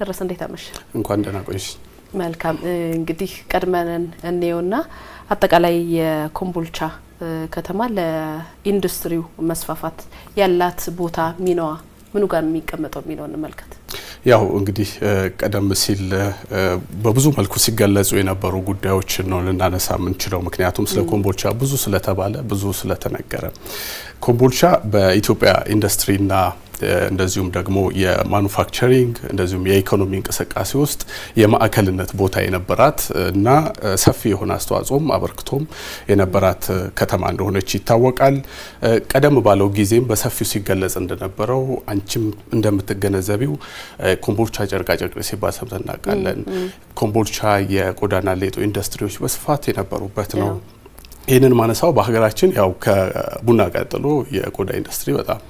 ደረሰ እንዴት አመሽ? እንኳን ደህና ቆይሽ። መልካም እንግዲህ ቀድመንን እንየውና አጠቃላይ የኮምቦልቻ ከተማ ለኢንዱስትሪው መስፋፋት ያላት ቦታ ሚናዋ ምኑ ጋር የሚቀመጠው የሚለው እንመልከት። ያው እንግዲህ ቀደም ሲል በብዙ መልኩ ሲገለጹ የነበሩ ጉዳዮችን ነው ልናነሳ የምንችለው። ምክንያቱም ስለ ኮምቦልቻ ብዙ ስለተባለ ብዙ ስለተነገረ ኮምቦልቻ በኢትዮጵያ ኢንዱስትሪና እንደዚሁም ደግሞ የማኑፋክቸሪንግ እንደዚሁም የኢኮኖሚ እንቅስቃሴ ውስጥ የማዕከልነት ቦታ የነበራት እና ሰፊ የሆነ አስተዋጽኦም አበርክቶም የነበራት ከተማ እንደሆነች ይታወቃል። ቀደም ባለው ጊዜም በሰፊው ሲገለጽ እንደነበረው አንቺም እንደምትገነዘቢው ኮምቦልቻ ጨርቃጨርቅ ሲባል ሰምተን እናውቃለን። ኮምቦልቻ የቆዳና ሌጦ ኢንዱስትሪዎች በስፋት የነበሩበት ነው። ይህንን ማነሳው በሀገራችን ያው ከቡና ቀጥሎ የቆዳ ኢንዱስትሪ በጣም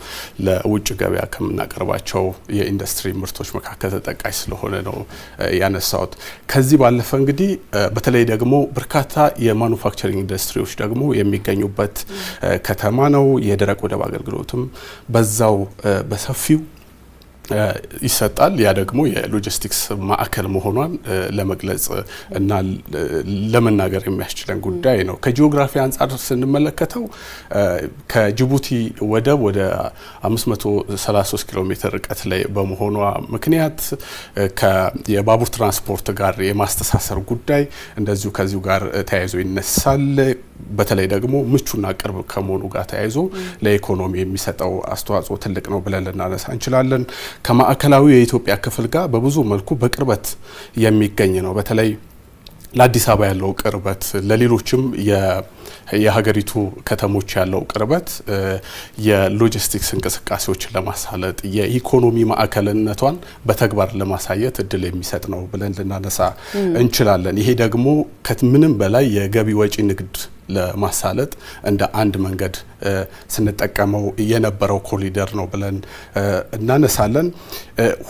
ለውጭ ገበያ ከምናቀርባቸው የኢንዱስትሪ ምርቶች መካከል ተጠቃሽ ስለሆነ ነው ያነሳውት ከዚህ ባለፈ እንግዲህ በተለይ ደግሞ በርካታ የማኑፋክቸሪንግ ኢንዱስትሪዎች ደግሞ የሚገኙበት ከተማ ነው። የደረቅ ወደብ አገልግሎትም በዛው በሰፊው ይሰጣል። ያ ደግሞ የሎጂስቲክስ ማዕከል መሆኗን ለመግለጽ እና ለመናገር የሚያስችለን ጉዳይ ነው። ከጂኦግራፊ አንጻር ስንመለከተው ከጅቡቲ ወደብ ወደ 533 ኪሎ ሜትር ርቀት ላይ በመሆኗ ምክንያት የባቡር ትራንስፖርት ጋር የማስተሳሰር ጉዳይ እንደዚሁ ከዚሁ ጋር ተያይዞ ይነሳል። በተለይ ደግሞ ምቹና ቅርብ ከመሆኑ ጋር ተያይዞ ለኢኮኖሚ የሚሰጠው አስተዋጽኦ ትልቅ ነው ብለን ልናነሳ እንችላለን። ከማዕከላዊ የኢትዮጵያ ክፍል ጋር በብዙ መልኩ በቅርበት የሚገኝ ነው። በተለይ ለአዲስ አበባ ያለው ቅርበት ለሌሎችም የሀገሪቱ ከተሞች ያለው ቅርበት የሎጂስቲክስ እንቅስቃሴዎችን ለማሳለጥ የኢኮኖሚ ማዕከልነቷን በተግባር ለማሳየት እድል የሚሰጥ ነው ብለን ልናነሳ እንችላለን። ይሄ ደግሞ ከምንም በላይ የገቢ ወጪ ንግድ ለማሳለጥ እንደ አንድ መንገድ ስንጠቀመው የነበረው ኮሪደር ነው ብለን እናነሳለን።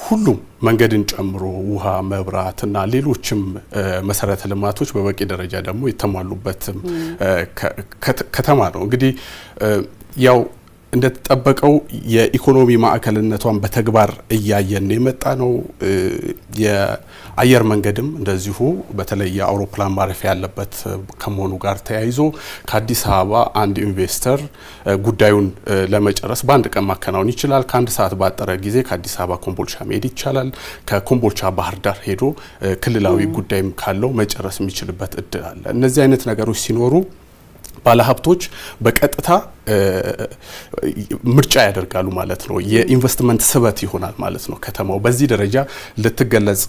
ሁሉም መንገድን ጨምሮ ውሃ፣ መብራት እና ሌሎችም መሰረተ ልማቶች በበቂ ደረጃ ደግሞ የተሟሉበትም ከተማ ነው። እንግዲህ ያው እንደተጠበቀው የኢኮኖሚ ማዕከልነቷን በተግባር እያየን የመጣ ነው። የአየር መንገድም እንደዚሁ በተለይ የአውሮፕላን ማረፊያ ያለበት ከመሆኑ ጋር ተያይዞ ከአዲስ አበባ አንድ ኢንቨስተር ጉዳዩን ለመጨረስ በአንድ ቀን ማከናወን ይችላል። ከአንድ ሰዓት ባጠረ ጊዜ ከአዲስ አበባ ኮምቦልቻ መሄድ ይቻላል። ከኮምቦልቻ ባህር ዳር ሄዶ ክልላዊ ጉዳይም ካለው መጨረስ የሚችልበት እድል አለ። እነዚህ አይነት ነገሮች ሲኖሩ ባለሀብቶች በቀጥታ ምርጫ ያደርጋሉ ማለት ነው። የኢንቨስትመንት ስበት ይሆናል ማለት ነው። ከተማው በዚህ ደረጃ ልትገለጽ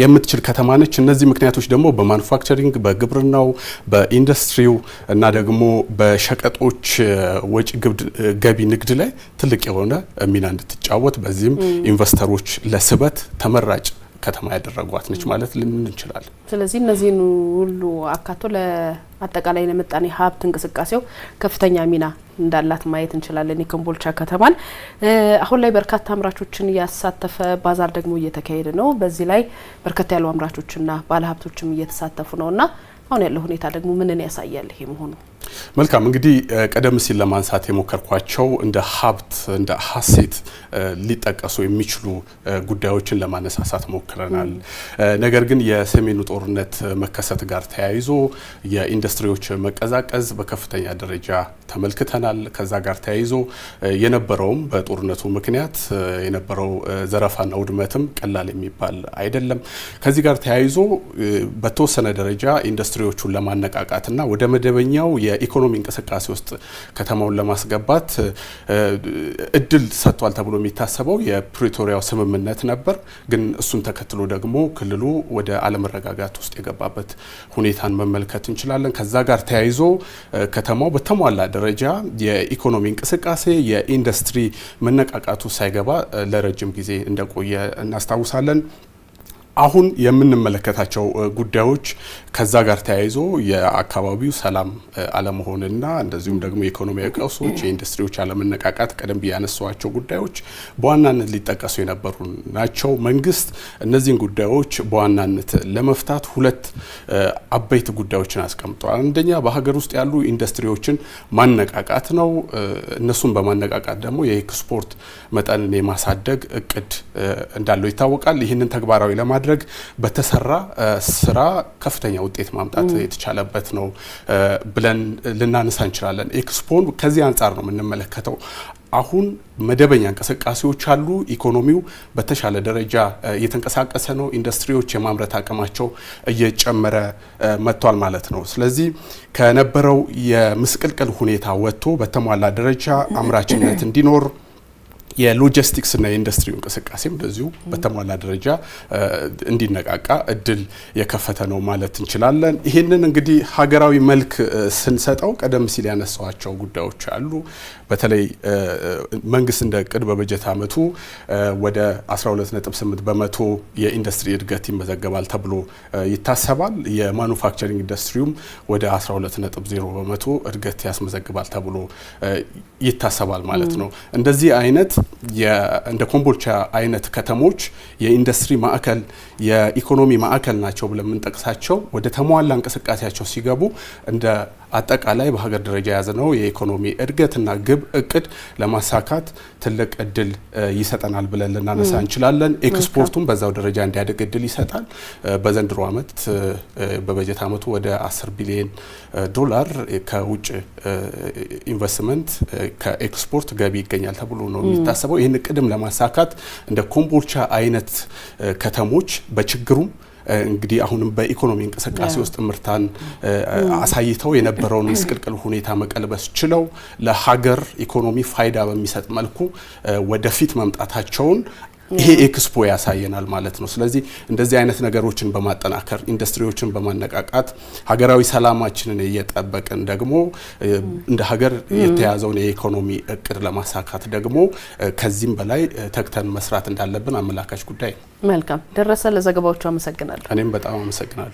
የምትችል ከተማ ነች። እነዚህ ምክንያቶች ደግሞ በማኑፋክቸሪንግ፣ በግብርናው፣ በኢንዱስትሪው እና ደግሞ በሸቀጦች ወጪ ገቢ ንግድ ላይ ትልቅ የሆነ ሚና እንድትጫወት በዚህም ኢንቨስተሮች ለስበት ተመራጭ ከተማ ያደረጓት ነች ማለት ልምን እንችላለን። ስለዚህ እነዚህን ሁሉ አካቶ ለአጠቃላይ ለምጣኔ ሀብት እንቅስቃሴው ከፍተኛ ሚና እንዳላት ማየት እንችላለን። የኮምቦልቻ ከተማን አሁን ላይ በርካታ አምራቾችን እያሳተፈ ባዛር ደግሞ እየተካሄደ ነው። በዚህ ላይ በርከታ ያሉ አምራቾችና ባለሀብቶችም እየተሳተፉ ነውና አሁን ያለው ሁኔታ ደግሞ ምንን ያሳያል ይሄ መሆኑ? መልካም እንግዲህ ቀደም ሲል ለማንሳት የሞከርኳቸው እንደ ሀብት እንደ ሀሴት ሊጠቀሱ የሚችሉ ጉዳዮችን ለማነሳሳት ሞክረናል። ነገር ግን የሰሜኑ ጦርነት መከሰት ጋር ተያይዞ የኢንዱስትሪዎች መቀዛቀዝ በከፍተኛ ደረጃ ተመልክተናል። ከዛ ጋር ተያይዞ የነበረውም በጦርነቱ ምክንያት የነበረው ዘረፋና ውድመትም ቀላል የሚባል አይደለም። ከዚህ ጋር ተያይዞ በተወሰነ ደረጃ ኢንዱስትሪዎቹን ለማነቃቃትና ወደ መደበኛው የ የኢኮኖሚ እንቅስቃሴ ውስጥ ከተማውን ለማስገባት እድል ሰጥቷል ተብሎ የሚታሰበው የፕሪቶሪያው ስምምነት ነበር። ግን እሱን ተከትሎ ደግሞ ክልሉ ወደ አለመረጋጋት ውስጥ የገባበት ሁኔታን መመልከት እንችላለን። ከዛ ጋር ተያይዞ ከተማው በተሟላ ደረጃ የኢኮኖሚ እንቅስቃሴ የኢንዱስትሪ መነቃቃቱ ሳይገባ ለረጅም ጊዜ እንደቆየ እናስታውሳለን። አሁን የምንመለከታቸው ጉዳዮች ከዛ ጋር ተያይዞ የአካባቢው ሰላም አለመሆንና እንደዚሁም ደግሞ የኢኮኖሚያዊ ቀውሶች፣ የኢንዱስትሪዎች አለመነቃቃት ቀደም ብዬ ያነሷቸው ጉዳዮች በዋናነት ሊጠቀሱ የነበሩ ናቸው። መንግስት እነዚህን ጉዳዮች በዋናነት ለመፍታት ሁለት አበይት ጉዳዮችን አስቀምጠዋል። አንደኛ በሀገር ውስጥ ያሉ ኢንዱስትሪዎችን ማነቃቃት ነው። እነሱን በማነቃቃት ደግሞ የኤክስፖርት መጠንን የማሳደግ እቅድ እንዳለው ይታወቃል። ይህንን ተግባራዊ ለማድረግ በማድረግ በተሰራ ስራ ከፍተኛ ውጤት ማምጣት የተቻለበት ነው ብለን ልናነሳ እንችላለን። ኤክስፖን ከዚህ አንጻር ነው የምንመለከተው። አሁን መደበኛ እንቅስቃሴዎች አሉ። ኢኮኖሚው በተሻለ ደረጃ እየተንቀሳቀሰ ነው። ኢንዱስትሪዎች የማምረት አቅማቸው እየጨመረ መጥቷል ማለት ነው። ስለዚህ ከነበረው የምስቅልቅል ሁኔታ ወጥቶ በተሟላ ደረጃ አምራችነት እንዲኖር የሎጂስቲክስ እና የኢንዱስትሪው እንቅስቃሴም በዚሁ በተሟላ ደረጃ እንዲነቃቃ እድል የከፈተ ነው ማለት እንችላለን። ይህንን እንግዲህ ሀገራዊ መልክ ስንሰጠው ቀደም ሲል ያነሳዋቸው ጉዳዮች አሉ። በተለይ መንግስት እንደ እቅድ በበጀት አመቱ ወደ 12.8 በመቶ የኢንዱስትሪ እድገት ይመዘገባል ተብሎ ይታሰባል። የማኑፋክቸሪንግ ኢንዱስትሪውም ወደ 12.0 በመቶ እድገት ያስመዘግባል ተብሎ ይታሰባል ማለት ነው። እንደዚህ አይነት እንደ ኮምቦልቻ አይነት ከተሞች የኢንዱስትሪ ማዕከል የኢኮኖሚ ማዕከል ናቸው ብለን የምንጠቅሳቸው ወደ ተሟላ እንቅስቃሴያቸው ሲገቡ እንደ አጠቃላይ በሀገር ደረጃ የያዝነው የኢኮኖሚ እድገትና ግብ እቅድ ለማሳካት ትልቅ እድል ይሰጠናል ብለን ልናነሳ እንችላለን። ኤክስፖርቱም በዛው ደረጃ እንዲያደግ እድል ይሰጣል። በዘንድሮ ዓመት በበጀት ዓመቱ ወደ 10 ቢሊዮን ዶላር ከውጭ ኢንቨስትመንት ከኤክስፖርት ገቢ ይገኛል ተብሎ ነው የሚታሰበው። ይህን እቅድም ለማሳካት እንደ ኮምቦልቻ አይነት ከተሞች በችግሩም እንግዲህ አሁንም በኢኮኖሚ እንቅስቃሴ ውስጥ ምርታን አሳይተው የነበረውን ምስቅልቅል ሁኔታ መቀልበስ ችለው ለሀገር ኢኮኖሚ ፋይዳ በሚሰጥ መልኩ ወደፊት መምጣታቸውን ይሄ ኤክስፖ ያሳየናል ማለት ነው። ስለዚህ እንደዚህ አይነት ነገሮችን በማጠናከር ኢንዱስትሪዎችን በማነቃቃት ሀገራዊ ሰላማችንን እየጠበቅን ደግሞ እንደ ሀገር የተያዘውን የኢኮኖሚ እቅድ ለማሳካት ደግሞ ከዚህም በላይ ተግተን መስራት እንዳለብን አመላካች ጉዳይ ነው። መልካም ደረሰ፣ ለዘገባዎቹ አመሰግናለሁ። እኔም በጣም አመሰግናለሁ።